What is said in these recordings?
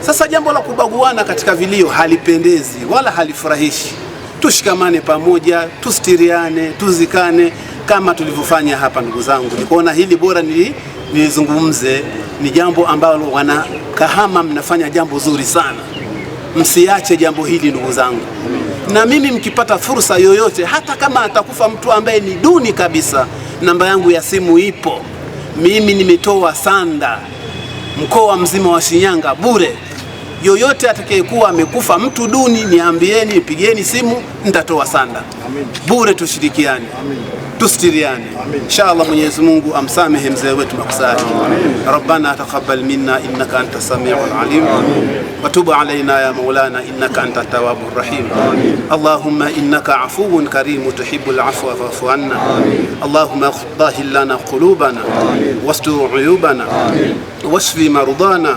Sasa jambo la kubaguana katika vilio halipendezi wala halifurahishi. Tushikamane pamoja, tustiriane, tuzikane kama tulivyofanya hapa. Ndugu zangu, nikuona hili bora nilizungumze. Ni jambo ambalo wana Kahama mnafanya jambo zuri sana. Msiache jambo hili ndugu zangu, na mimi mkipata fursa yoyote, hata kama atakufa mtu ambaye ni duni kabisa, namba yangu ya simu ipo. Mimi nimetoa sanda mkoa mzima wa Shinyanga bure yoyote atakayekuwa amekufa mtu duni, niambieni, pigeni simu, nitatoa sanda bure. Tushirikiane, tustiriane Allah. Mwenyezi Mungu amsamehe mzee wetu makusari. Rabbana taqabbal minna innaka anta samiu alim wa tub alaina ya maulana innaka anta tawwabur rahim. Allahumma innaka afuwun karim tuhibbul afwa fa'fu anna. Allahumma khudh lana qulubana wastur uyubana واشف مرضانا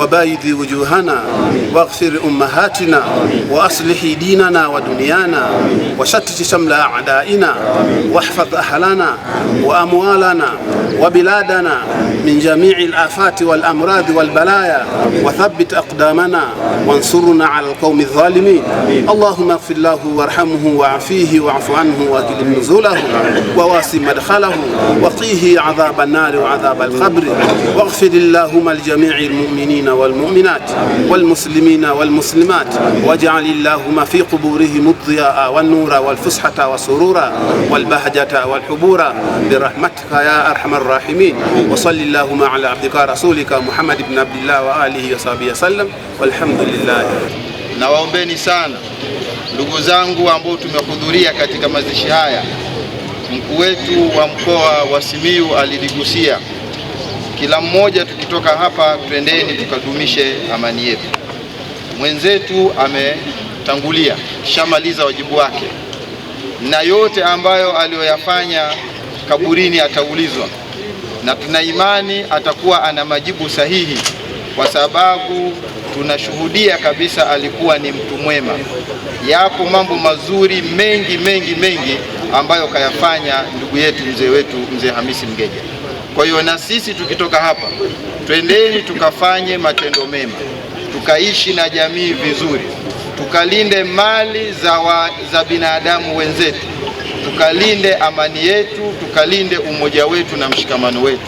وبايد وجوهنا واغفر أمهاتنا وأصلح ديننا ودنيانا وشتت شمل أعدائنا واحفظ أهلنا وأموالنا وبلادنا من جميع الآفات والأمراض والبلايا وثبت أقدامنا وانصرنا على القوم الظالمين اللهم اغفر له وارحمه وعفيه واعف عنه واكرم نزوله وواسم مدخله وقيه عذاب النار وعذاب القبر واغفر اللهم لجميع المؤمنين والمؤمنات والمسلمين والمسلمات واجعل اللهم في قبورهم الضياء والنور والفسحة والسرور والبهجة والحبور برحمتك يا أرحم الراحمين وصل اللهم على عبدك رسولك محمد بن عبد الله وآله وصحبه وسلم والحمد لله na waombeni sana ndugu zangu ambao tumehudhuria katika mazishi haya. Mkuu wetu wa mkoa wa Simiyu aliligusia kila mmoja tukitoka hapa, twendeni tukadumishe amani yetu. Mwenzetu ametangulia, shamaliza wajibu wake, na yote ambayo aliyoyafanya kaburini ataulizwa, na tuna imani atakuwa ana majibu sahihi, kwa sababu tunashuhudia kabisa alikuwa ni mtu mwema. Yapo mambo mazuri mengi mengi mengi ambayo kayafanya ndugu yetu mzee wetu mzee Hamisi Mgeja. Kwa hiyo na sisi tukitoka hapa, twendeni tukafanye matendo mema, tukaishi na jamii vizuri, tukalinde mali za, wa, za binadamu wenzetu, tukalinde amani yetu, tukalinde umoja wetu na mshikamano wetu.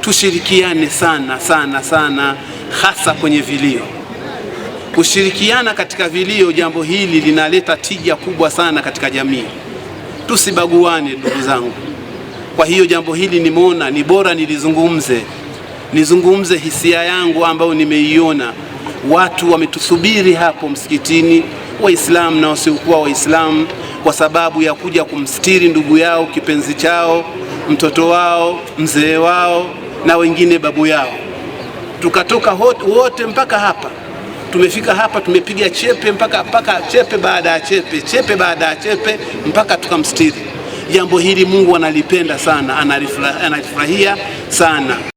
Tushirikiane sana sana sana, hasa kwenye vilio. Kushirikiana katika vilio, jambo hili linaleta tija kubwa sana katika jamii. Tusibaguane ndugu zangu. Kwa hiyo jambo hili nimeona ni bora nilizungumze, nizungumze hisia yangu ambayo nimeiona. Watu wametusubiri hapo msikitini, Waislamu na wasiokuwa Waislamu, kwa sababu ya kuja kumstiri ndugu yao, kipenzi chao, mtoto wao, mzee wao, na wengine babu yao. Tukatoka wote mpaka hapa tumefika hapa, tumepiga chepe mpaka mpaka chepe baada ya chepe, chepe baada ya chepe, mpaka tukamstiri jambo hili Mungu analipenda sana, analifurahia sana.